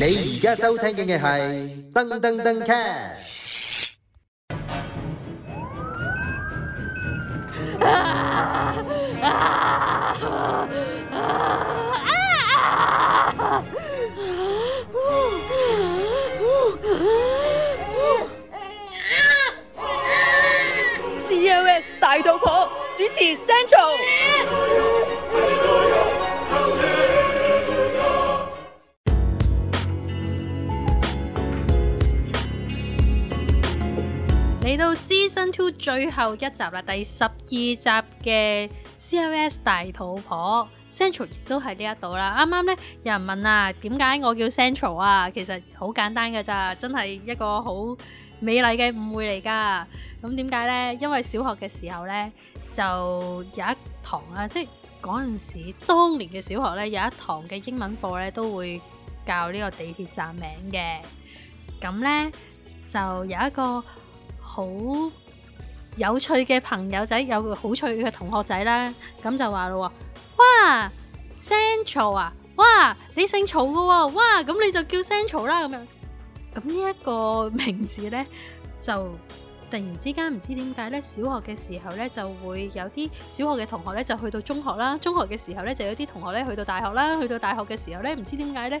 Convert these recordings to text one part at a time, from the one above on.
你而家收聽嘅係登登登 cat。COS 大肚婆主持 Central。season two 最後一集啦，第十二集嘅 COS 大肚婆 Central 亦都係呢一度啦。啱啱呢有人問啊，點解我叫 Central 啊？其實好簡單噶咋，真係一個好美麗嘅誤會嚟噶。咁點解呢？因為小學嘅時候呢，就有一堂啊，即係嗰陣時當年嘅小學呢，有一堂嘅英文課呢，都會教呢個地鐵站名嘅。咁呢就有一個。好有趣嘅朋友仔，有個好趣嘅同學仔啦，咁就話咯，哇，Central 啊，哇，你姓曹噶，哦，哇，咁你就叫 Central 啦，啊，咁樣，咁呢一個名字呢，就突然之間唔知點解呢。小學嘅時候呢，就會有啲小學嘅同學呢，就去到中學啦，中學嘅時候呢，就有啲同學呢，去到大學啦，去到大學嘅時候呢，唔知點解呢。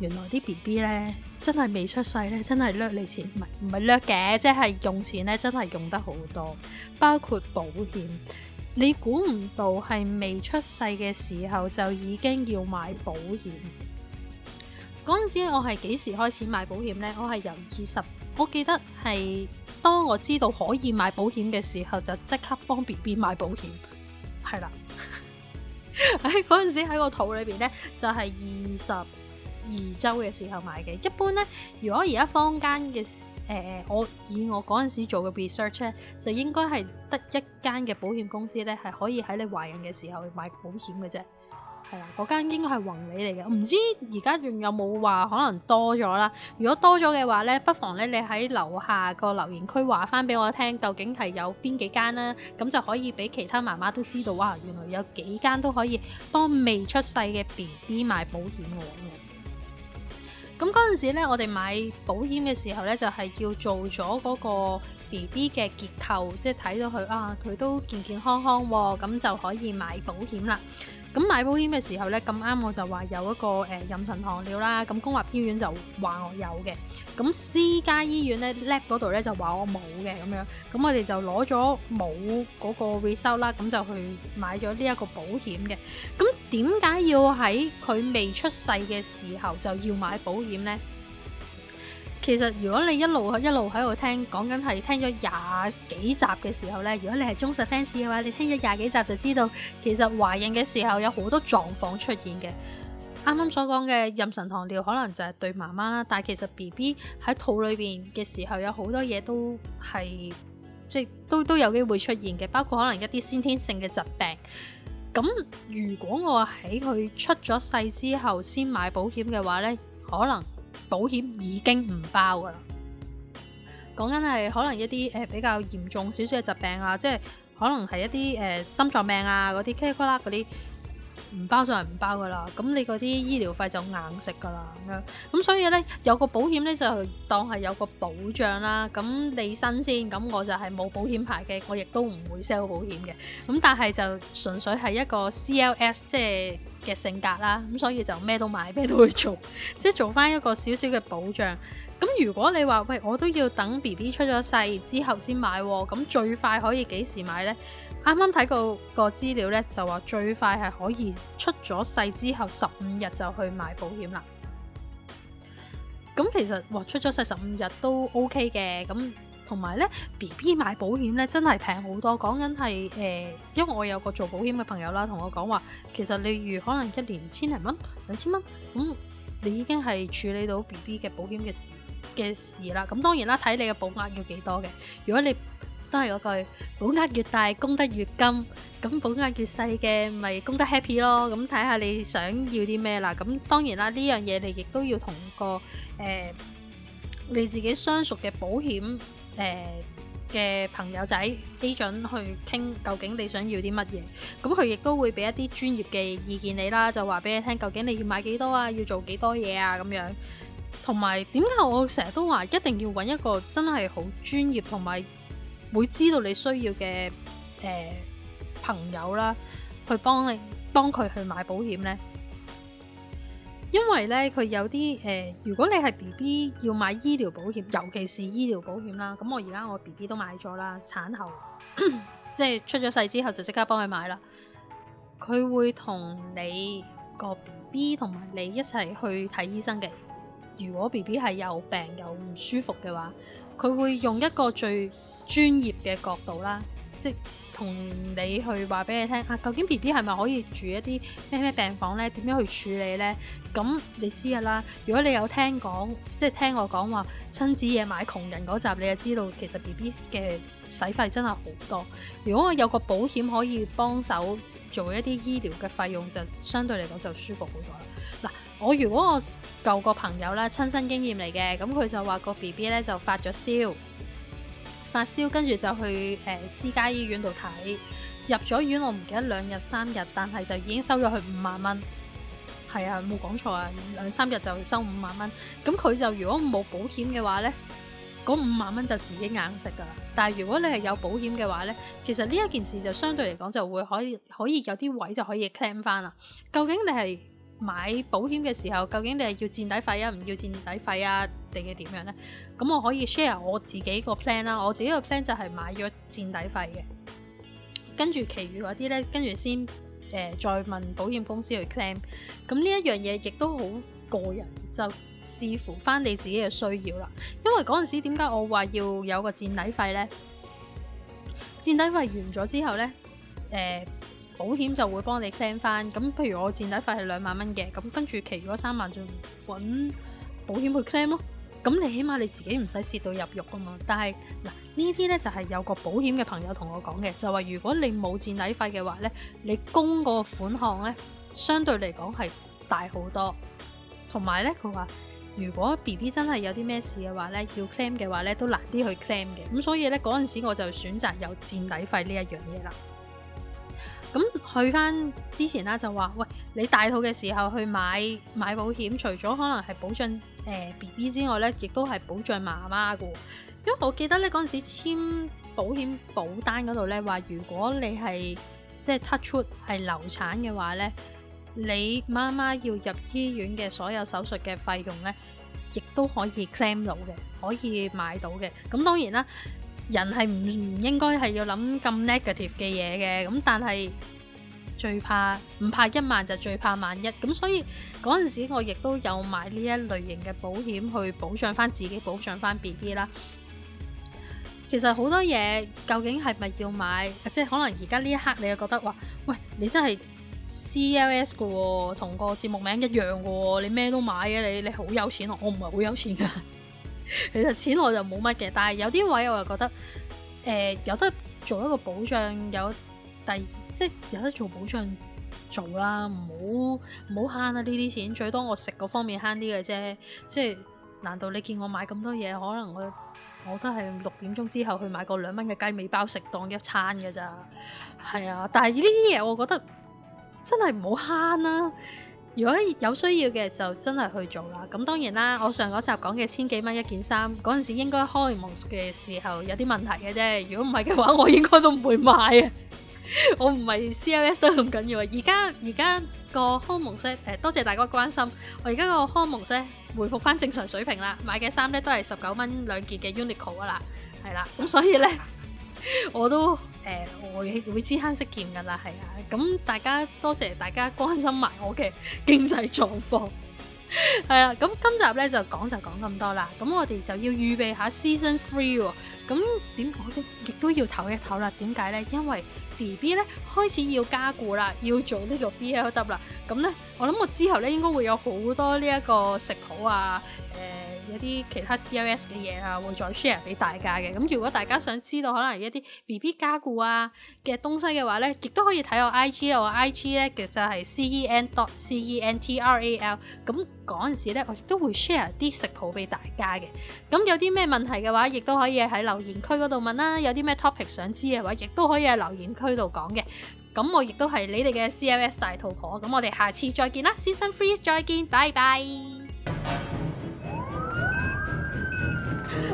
原來啲 B B 咧真係未出世咧，真係掠你錢，唔係唔係掠嘅，即係用錢咧，真係用得好多。包括保險，你估唔到係未出世嘅時候就已經要買保險。嗰陣時我係幾時開始買保險呢？我係由二十，我記得係當我知道可以買保險嘅時候，就即刻幫 B B 買保險。係啦，喺 嗰陣時喺個肚裏邊呢，就係二十。二周嘅時候買嘅，一般呢，如果而家坊間嘅誒、呃，我以我嗰陣時做嘅 research 呢，就應該係得一間嘅保險公司呢，係可以喺你懷孕嘅時候買保險嘅啫。係啊，嗰間應該係宏利嚟嘅，唔知而家仲有冇話可能多咗啦？如果多咗嘅話呢，不妨呢，你喺樓下個留言區話翻俾我聽，究竟係有邊幾間啦、啊？咁就可以俾其他媽媽都知道哇，原來有幾間都可以幫未出世嘅 B B 買保險嘅。咁嗰陣時咧，我哋買保險嘅時候咧，就係、是、叫做咗嗰個 BB 嘅結構，即係睇到佢啊，佢都健健康康喎、啊，咁就可以買保險啦。咁買保險嘅時候咧，咁啱我就話有一個誒妊娠糖尿啦，咁公立醫院就話我有嘅，咁私家醫院咧 lab 嗰度咧就話我冇嘅咁樣，咁我哋就攞咗冇嗰個 result 啦，咁就去買咗呢一個保險嘅。咁點解要喺佢未出世嘅時候就要買保險咧？其實，如果你一路一路喺度聽講緊，係聽咗廿幾集嘅時候呢，如果你係忠實 fans 嘅話，你聽咗廿幾集就知道其實懷孕嘅時候有好多狀況出現嘅。啱啱所講嘅妊娠糖尿可能就係對媽媽啦，但係其實 BB 喺肚裏邊嘅時候有好多嘢都係即都都有機會出現嘅，包括可能一啲先天性嘅疾病。咁如果我喺佢出咗世之後先買保險嘅話呢，可能，保險已經唔包㗎啦，講緊係可能一啲誒、呃、比較嚴重少少嘅疾病啊，即係可能係一啲誒、呃、心臟病啊嗰啲 cerebral 嗰啲。唔包就係唔包噶啦，咁你嗰啲醫療費就硬食噶啦咁樣，咁所以呢有個保險呢就當係有個保障啦，咁你新鮮，咁我就係冇保險牌嘅，我亦都唔會 sell 保險嘅，咁但係就純粹係一個 CLS 即係嘅性格啦，咁所以就咩都買，咩都會做，即係做翻一個少少嘅保障。咁如果你話喂，我都要等 BB 出咗世之後先買，咁最快可以幾時買呢？啱啱睇到個資料呢，就話最快係可以出咗世之後十五日就去買保險啦。咁其實話，出咗世十五日都 OK 嘅。咁同埋呢，BB 買保險呢真係平好多。講緊係誒，因為我有個做保險嘅朋友啦，同我講話，其實例如可能一年千零蚊、兩千蚊，咁你已經係處理到 BB 嘅保險嘅事嘅事啦。咁當然啦，睇你嘅保額要幾多嘅。如果你都係嗰句，保額越大，供得越金。咁保額越細嘅，咪供得 happy 咯。咁睇下你想要啲咩啦。咁當然啦，呢樣嘢你亦都要同個誒你自己相熟嘅保險誒嘅朋友仔 agent 去傾，究竟你想要啲乜嘢。咁佢亦都會俾一啲專業嘅意見你啦。就話俾你聽，究竟你要買幾多啊？要做幾多嘢啊？咁樣同埋點解我成日都話一定要揾一個真係好專業同埋。會知道你需要嘅誒、呃、朋友啦，去幫你幫佢去買保險呢？因為呢，佢有啲誒、呃，如果你係 B B 要買醫療保險，尤其是醫療保險啦，咁我而家我 B B 都買咗啦，產後 即係出咗世之後就即刻幫佢買啦。佢會同你個 B B 同埋你一齊去睇醫生嘅。如果 B B 係有病又唔舒服嘅話，佢會用一個最專業嘅角度啦，即同你去話俾你聽啊，「究竟 B B 係咪可以住一啲咩咩病房呢？點樣去處理呢？」咁你知噶啦。如果你有聽講，即係聽我講話親子嘢買窮人嗰集，你就知道其實 B B 嘅使費真係好多。如果我有個保險可以幫手做一啲醫療嘅費用，就相對嚟講就舒服好多。我如果我舊個朋友啦，親身經驗嚟嘅，咁佢就話個 B B 咧就發咗燒，發燒跟住就去誒、呃、私家醫院度睇，入咗院我唔記得兩日三日，但係就已經收咗佢五萬蚊，係啊冇講錯啊，兩三日就收五萬蚊，咁佢就如果冇保險嘅話呢，嗰五萬蚊就自己硬食噶啦。但係如果你係有保險嘅話呢，其實呢一件事就相對嚟講就會可以可以有啲位就可以 claim 翻啦。究竟你係？買保險嘅時候，究竟你係要墊底費啊，唔要墊底費啊，定係點樣呢？咁我可以 share 我自己個 plan 啦。我自己個 plan 就係買咗墊底費嘅，跟住其餘嗰啲呢，跟住先誒、呃、再問保險公司去 claim。咁呢一樣嘢亦都好個人，就視乎翻你自己嘅需要啦。因為嗰陣時點解我話要有個墊底費呢？墊底費完咗之後呢，誒、呃。保險就會幫你 claim 翻，咁譬如我墊底費係兩萬蚊嘅，咁跟住其餘三萬就揾保險去 claim 咯。咁你起碼你自己唔使蝕到入獄啊嘛。但係嗱呢啲呢，就係有個保險嘅朋友同我講嘅，就係話如果你冇墊底費嘅話呢，你供個款項呢，相對嚟講係大好多。同埋呢，佢話如果 B B 真係有啲咩事嘅話呢，要 claim 嘅話呢，都難啲去 claim 嘅。咁所以呢，嗰陣時我就選擇有墊底費呢一樣嘢啦。咁去返之前啦，就話喂，你大肚嘅時候去買買保險，除咗可能係保障誒 B B 之外呢，亦都係保障媽媽嘅。因為我記得呢，嗰陣時簽保險保單嗰度呢，話如果你係即係 touch wood，係流產嘅話呢，你媽媽要入醫院嘅所有手術嘅費用呢，亦都可以 claim 到嘅，可以買到嘅。咁當然啦。人係唔應該係要諗咁 negative 嘅嘢嘅，咁但係最怕唔怕一萬就最怕萬一，咁所以嗰陣時我亦都有買呢一類型嘅保險去保障返自己，保障返 BB 啦。其實好多嘢究竟係咪要買？即係可能而家呢一刻你又覺得話，喂，你真係 CLS 㗎喎，同個節目名一樣嘅喎，你咩都買嘅，你你好有錢，我唔係好有錢㗎。 其實錢我就冇乜嘅，但係有啲位我又覺得，誒、呃、有得做一個保障有第即係有得做保障做啦，唔好唔好慳啊呢啲錢，最多我食嗰方面慳啲嘅啫。即係難道你見我買咁多嘢，可能我我都係六點鐘之後去買個兩蚊嘅雞尾包食當一餐嘅咋。係啊，但係呢啲嘢我覺得真係唔好慳啊。如果有需要嘅就真係去做啦。咁當然啦，我上嗰集講嘅千幾蚊一件衫，嗰陣時應該荷爾蒙嘅時候有啲問題嘅啫。如果唔係嘅話，我應該都唔會買啊。我唔係 COS 都咁緊要啊。而家而家個荷爾蒙咧，誒，多謝大家關心。我而家個荷爾蒙咧回復翻正常水平啦。買嘅衫咧都係十九蚊兩件嘅 Uniqlo 啊啦，係啦。咁所以咧我都。誒，我會知慳識儉噶啦，係啊，咁大家多謝大家關心埋我嘅經濟狀況，係啦，咁今集咧就講就講咁多啦，咁我哋就要預備下 Season Three 喎，咁點講咧，亦都要唞一唞啦，點解咧？因為 BB 咧開始要加固啦，要做呢個 BLW 啦，咁咧我諗我之後咧應該會有好多呢一個食譜啊。誒、呃、一啲其他 CLS 嘅嘢啊，會再 share 俾大家嘅。咁如果大家想知道可能一啲 BB 加固啊嘅東西嘅話呢，亦都可以睇我 IG，我 IG 咧嘅就係、是、cen.central。咁嗰陣時咧，我亦都會 share 啲食譜俾大家嘅。咁有啲咩問題嘅話，亦都可以喺留言區嗰度問啦。有啲咩 topic 想知嘅話，亦都可以喺留言區度講嘅。咁我亦都係你哋嘅 CLS 大肚婆。咁我哋下次再見啦，Season Three 再見，拜拜。